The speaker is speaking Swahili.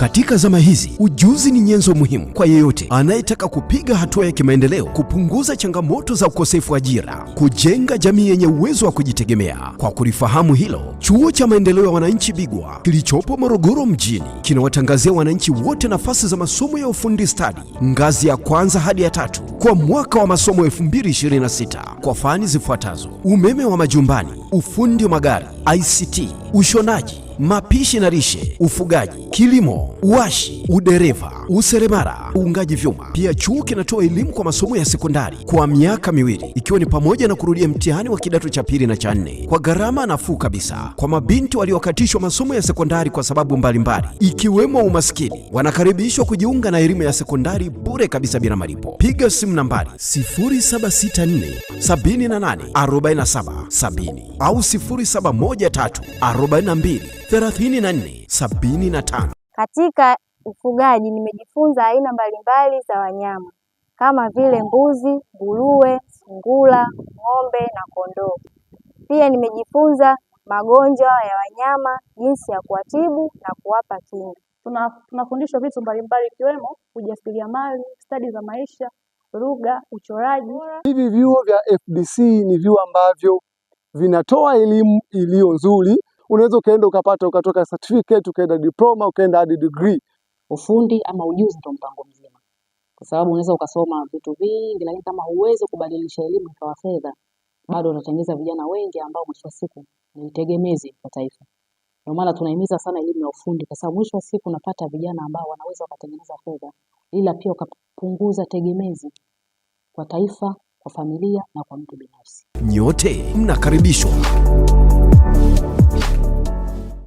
Katika zama hizi ujuzi ni nyenzo muhimu kwa yeyote anayetaka kupiga hatua ya kimaendeleo, kupunguza changamoto za ukosefu wa ajira, kujenga jamii yenye uwezo wa kujitegemea. Kwa kulifahamu hilo, Chuo cha Maendeleo ya Wananchi Bigwa kilichopo Morogoro mjini kinawatangazia wananchi wote nafasi za masomo ya ufundi stadi ngazi ya kwanza hadi ya tatu kwa mwaka wa masomo 2026 kwa fani zifuatazo: umeme wa majumbani, ufundi wa magari, ICT, ushonaji mapishi na lishe, ufugaji, kilimo, uashi udereva, useremara uungaji vyuma. Pia chuo kinatoa elimu kwa masomo ya sekondari kwa miaka miwili, ikiwa ni pamoja na kurudia mtihani wa kidato cha pili na cha nne kwa gharama nafuu kabisa. Kwa mabinti waliokatishwa masomo ya sekondari kwa sababu mbalimbali mbali, ikiwemo umaskini, wanakaribishwa kujiunga na elimu ya sekondari bure kabisa bila malipo. Piga simu nambari 0764 78 47 70 au 0713 42 34 Katika ufugaji nimejifunza aina mbalimbali za wanyama kama vile mbuzi, nguruwe, sungura, ng'ombe na kondoo. Pia nimejifunza magonjwa ya wanyama, jinsi ya kuwatibu na kuwapa kinga. Tunafundishwa vitu mbalimbali ikiwemo ujasiriamali, stadi za maisha, lugha, uchoraji. Hivi vyuo vya fdc ni vyuo ambavyo vinatoa elimu iliyo nzuri unaweza ukaenda ukapata ukatoka certificate ukaenda diploma ukaenda hadi degree. Ufundi ama ujuzi ndio mpango mzima, kwa sababu unaweza ukasoma vitu vingi, lakini kama huwezi kubadilisha elimu ikawa fedha, bado unatengeneza vijana wengi ambao mwisho wa siku ni tegemezi kwa taifa. Ndio maana tunahimiza sana elimu ya ufundi, kwa sababu mwisho wa siku unapata vijana ambao wanaweza wakatengeneza fedha, ila pia ukapunguza tegemezi kwa taifa, kwa familia na kwa mtu binafsi. Nyote mnakaribishwa